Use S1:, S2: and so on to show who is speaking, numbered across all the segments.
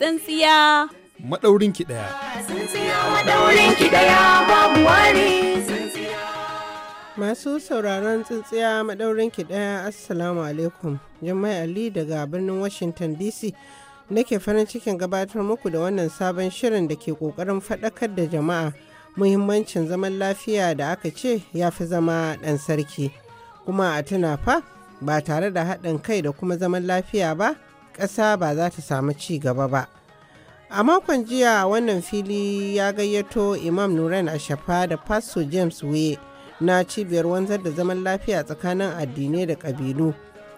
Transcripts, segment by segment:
S1: tsintsiya
S2: maɗaurin ki ɗaya.
S1: ki babu wani Masu sauraron tsintsiya maɗaurin ki ɗaya Assalamu alaikum. Jummai Ali daga birnin Washington DC nake farin cikin gabatar muku da wannan sabon shirin da ke ƙoƙarin faɗakar da jama'a muhimmancin zaman lafiya da aka ce ya fi zama ɗan sarki. Kuma a tuna fa ba tare da haɗin kai da kuma zaman lafiya ba ƙasa ba za ta samu ci gaba ba a makon jiya wannan fili ya gayyato imam nuran ashafa da pastor james weye na cibiyar wanzar da zaman lafiya tsakanin addinai da ƙabilu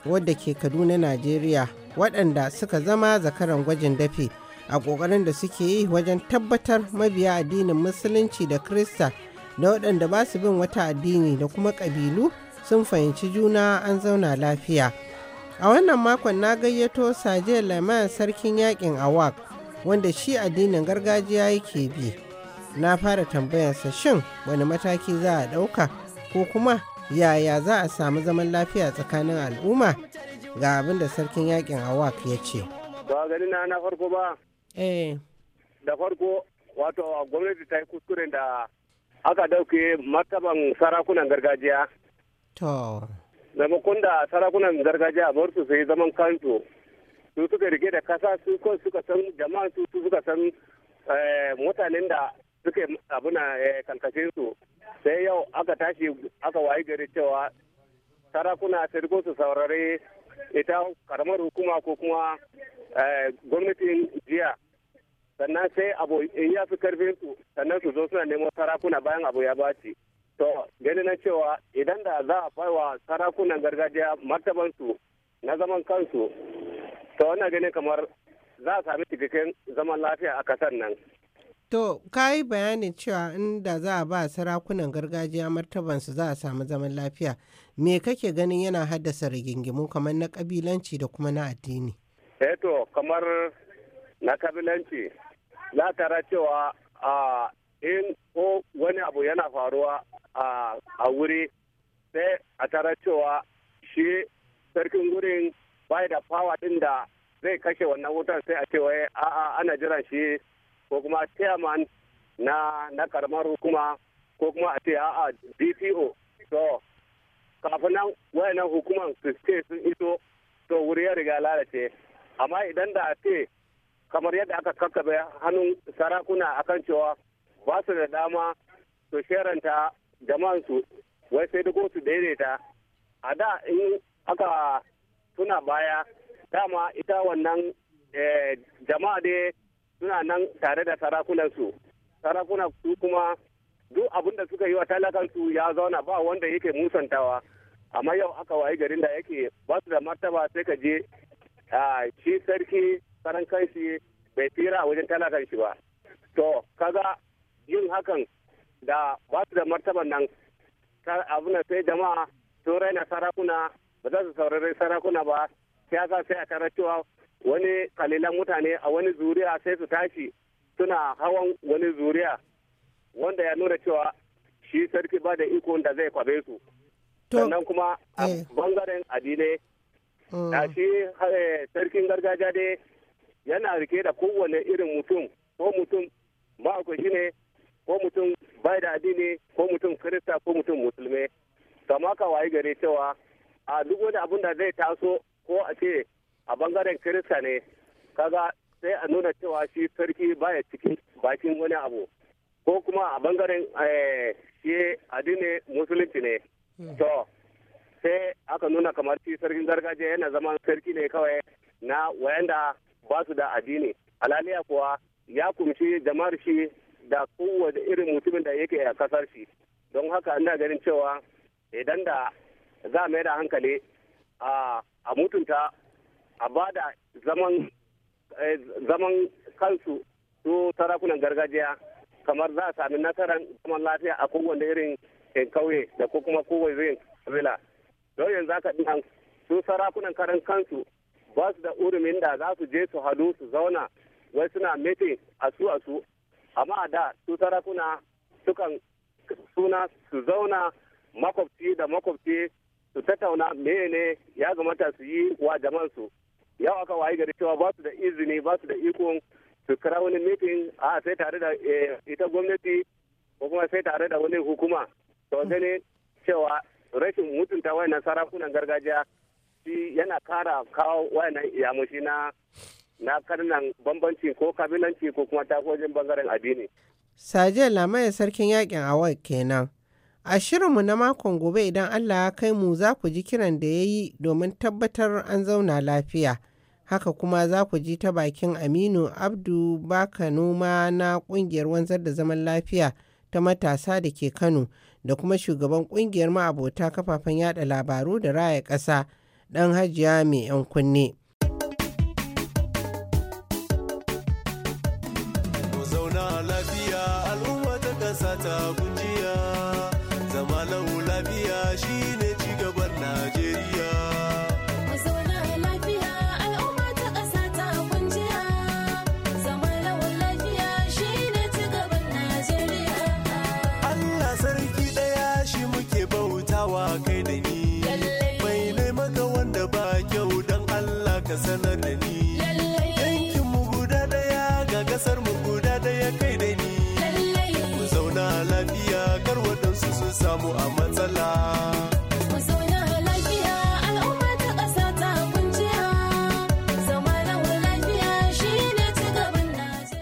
S1: wadda ke kaduna najeriya waɗanda suka zama zakaran gwajin dafe a ƙoƙarin da suke yi wajen tabbatar mabiya addinin musulunci da krista da waɗanda ba su bin wata addini da kuma ƙabilu sun fahimci juna an zauna lafiya A wannan makon na gayyato Saje Laman sarkin yakin Awak wanda shi addinin gargajiya yake bi. Na fara tambayarsa shin wani mataki za a ɗauka ko kuma yaya za a samu zaman lafiya tsakanin al'umma ga abin da sarkin yakin Awak ya ce.
S3: Ba gani na na farko ba. Eh. Da farko wato gwamnati ta yi kuskuren da aka dauke martaban sarakunan gargajiya. To. zamakon da sarakunan gargajiya a su sai zaman kansu su suka rike da kasa su kan suka san jama'a su su suka san eh, mutanen da suke abuna eh, kalkashin su sai yau aka tashi aka wayi gari cewa sarakuna sai su saurare ita karamar hukuma ko kuma eh, gwamnatin jiya sannan sai abu in ya fi karfin su sannan su zo suna neman sarakuna bayan abu ya baci to gani na cewa idan da za a baiwa sarakunan gargajiya martabansu na zaman kansu to wannan gani kamar za a sami cikakken zaman lafiya a kasar nan
S1: to ka yi bayanin cewa inda za a ba sarakunan gargajiya martabansu za a samu zaman lafiya me kake ganin yana haddasa rigingimu kamar na kabilanci da kuma na addini
S3: eh to kamar na kabilanci za tara cewa a ah, in ko wani abu yana faruwa a wuri sai a tara cewa shi sarkin gurin bai da fawa din da zai kashe wannan wutar sai a cewa a'a ana jiran shi ko kuma chairman na na karamar hukuma ko kuma a ce a'a dpo to kafin nan wayannan hukuman su ce sun iso to wuri ya riga lalace amma idan da a ce kamar yadda aka kakkabe hannun sarakuna akan cewa ba su da dama su sheranta jama'an su wai sai da su daidaita a da in aka suna baya dama ita wannan eh, jama'a dai suna nan tare da sarakunansu sarakuna su kuma duk abin da suka yi wa talakansu ya zauna ba wanda yake musantawa amma yau aka waye garin da yake ba su da martaba sai ka je shi sarki karan kanshi bai tsira a wajen talakanshi ba to kaga yin hakan da ba su da martaban nan abuna sai jama'a sun raina sarakuna ba za su saurari sarakuna ba siyasa sai a tarar cewa wani kalilan mutane a wani zuriya sai su tashi suna hawan wani zuriya wanda ya nuna cewa shi sarki ba da ikon da zai kwabe su sannan kuma a eh. bangaren adine mm. da shi eh, sarkin gargajiya dai yana rike da kowane irin mutum ko mutum ba ne ko mutum bai da addini ko mutum kirista ko mutum musulmi kama ka wayi gari cewa a duk wani abun da zai taso ko a ce a bangaren kirista ne kaga sai a nuna cewa shi sarki baya cikin bakin wani abu ko kuma a bangaren eh, shi addini musulunci ne hmm. to sai aka nuna kamar shi sarkin gargajiya yana zama sarki ne kawai na wayanda ba su da addini alaliya kuwa ya kumshi jama'ar shi da kowane irin mutumin da yake a kasar shi don haka ina ganin cewa idan da za mai da hankali a mutunta a ba da eh, zaman kansu su sarakunan gargajiya kamar za a sami nasarar zaman lafiya a kowane irin eh, kauye da ko kuma kowane irin don yanzu haka ɗin su sarakunan karan kansu ba su da urumin da za su je su hadu su zauna wai suna meeting a su a su amma da su sarakuna sukan suna su zauna makwabci da makwabci su tattauna mene ya gamata su yi wa jamansu yau aka wayi gari cewa ba su da izini ba su da ikon su kira wani mitin a sai tare da eh, ita gwamnati ko kuma sai tare da wani hukuma to gani cewa rashin mutunta wayannan sarakunan gargajiya shi yana kara kawo wayannan iyamushi na na karnan bambanci ko kabilanci ko kuma takojin bangaren addini.
S1: Sajel lamarin sarkin yakin awa kenan. A shirinmu na makon gobe idan Allah ya kai mu za ku ji kiran da ya yi domin tabbatar an zauna lafiya. Haka kuma za ku ji ta bakin Aminu Abdu Baka Noma na ƙungiyar wanzar da zaman lafiya ta matasa da ke Kano da kuma shugaban ƙungiyar ma'abota kafafen yada labaru da raya ƙasa ɗan hajiya mai 'yan kunne.
S2: kasar mu guda da ya kai da ni mu zauna lafiya kar waɗansu su samu a matsala zauna shine ci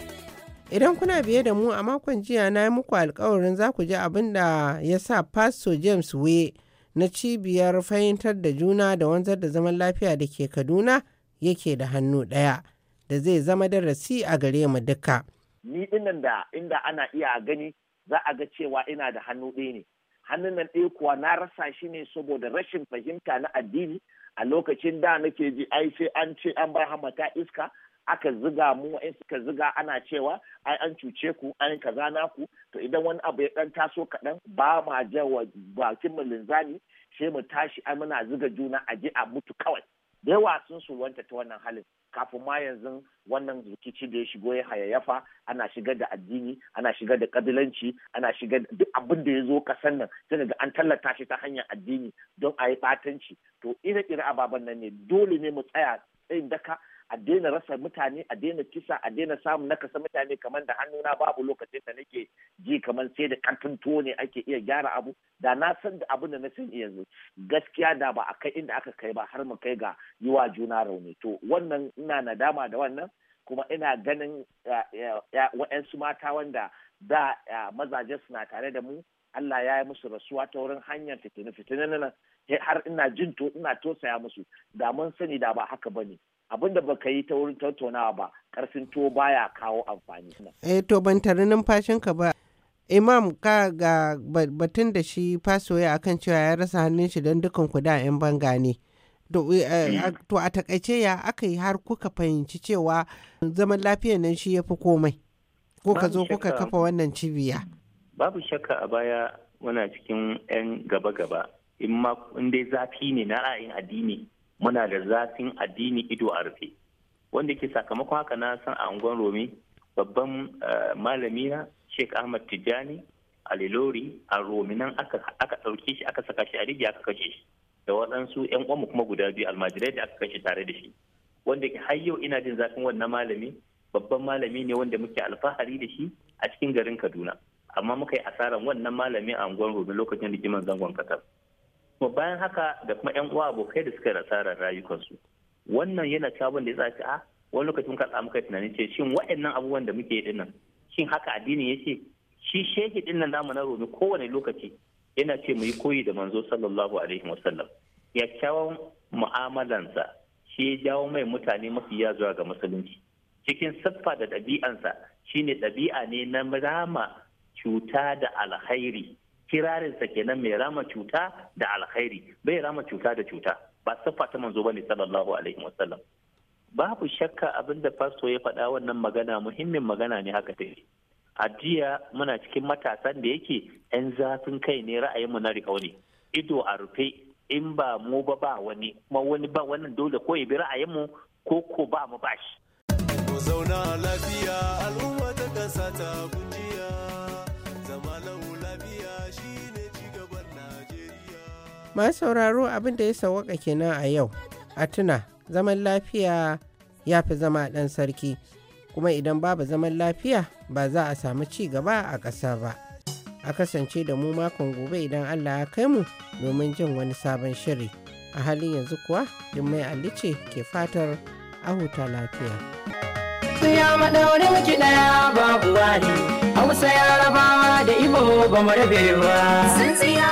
S1: idan kuna biye da mu a makon jiya na yi muku alkawarin za ku ji abin da ya sa pastor James way na cibiyar fahimtar da juna da wanzar da zaman lafiya da ke Kaduna yake da hannu ɗaya. da zai zama darasi a gare mu duka.
S4: Ni dinnan da inda ana iya gani za a ga cewa ina da hannu ɗaya ne. Hannun nan ɗaya kuwa na rasa shi ne saboda rashin fahimta na addini a lokacin da nake ji ai sai an ce an bar hamata iska aka ziga mu in suka ziga ana cewa ai an cuce ku an kaza naku to idan wani abu ya dan taso kaɗan ba ma jawa bakin mu linzami sai mu tashi ai muna ziga juna a je a mutu kawai da yawa sun surwanta ta wannan halin kafin ma yanzu wannan rikici da ya shigo ya hayayyafa ana shigar da addini ana shigar da kabilanci ana shigar duk abin da ya zo kasan nan tana ga an tallata shi ta hanyar addini don a yi batanci to ire ire ababen nan ne dole ne mu tsaya tsayin daka a daina rasa mutane a daina kisa a daina samun nakasa mutane kamar da hannuna babu lokacin da nake ji kamar sai da karfin tuwo ne ake iya gyara abu da na san da abin da na san yanzu gaskiya da ba a kai inda aka kai ba har mu kai ga yiwa juna rauni to wannan ina nadama da wannan kuma ina ganin waɗansu mata wanda da mazaje suna tare da mu Allah ya yi musu rasuwa ta wurin hanyar fitini fitini nan har ina jin to ina tosaya musu da mun sani da ba haka bane abin da baka yi ta wurin tattaunawa ba karfin to baya kawo amfani.
S1: Eh to ban tare ka ba. Imam ka ga batun da shi fasoya akan cewa ya rasa hannun shi don dukan ku da 'yan banga ne. Eh, to a takaice ya aka yi har kuka fahimci cewa zaman lafiyar nan shi ya fi komai. Ko ka zo kuka kafa wannan cibiya.
S2: Babu shakka a baya muna cikin 'yan gaba-gaba. In ma in dai zafi ne na ra'ayin addini muna da zafin addini ido a rufe wanda ke sakamakon haka na san a unguwar romi babban eh, malami na sheik ahmad tijjani a lelori a romi nan aka ɗauke shi aka saka shi a rijiya aka kashe shi da waɗansu yan uwanmu kuma guda biyu almajirai da aka kashe tare da shi wanda har yau ina jin zafin wannan malami babban malami ne wanda muke alfahari da shi a cikin garin kaduna amma muka yi asarar wannan malami a unguwar romi lokacin rigiman zangon kasar kuma bayan haka da kuma yan uwa abokai da suka ran rayukansu wannan yana sabon da ya tsaki a ah, wani lokacin ka tsamu kai tunanin ce shin waɗannan abubuwan da muke yi shin haka addini ce? shi shehi din nan namu na romi kowane lokaci yana ce mu yi koyi da manzo sallallahu alaihi wasallam ya kyawun mu'amalansa shi ya jawo mai mutane ya zuwa ga musulunci cikin siffa da ɗabi'ansa shine ɗabi'a ne na rama cuta da alhairi Kirarin kirarinsa kenan mai rama cuta da alkhairi bai rama cuta da cuta ba siffa ta manzo bane sallallahu alaihi wasallam babu shakka abin da fasto ya faɗa wannan magana muhimmin magana ne haka ta a jiya muna cikin matasan da yake 'yan zafin kai ne ra'ayinmu na rikau ne ido a rufe in ba mu ba ba wani kuma wani ba wannan dole ko ya bi ra'ayinmu ko ko ba mu ba shi. zauna lafiya al'umma ta kasa ta
S1: masu sauraro abin da ya sawaka kenan a yau a tuna zaman lafiya ya fi zama ɗan sarki kuma idan babu zaman lafiya ba za a samu ci gaba a ƙasa ba a kasance da mu makon gobe idan allah ya kai mu domin jin wani sabon shiri a halin yanzu kuwa mai alice ke fatar a huta lafiya ya maɗaurin babu wani hausa yarabawa
S2: da ibo ba mu ba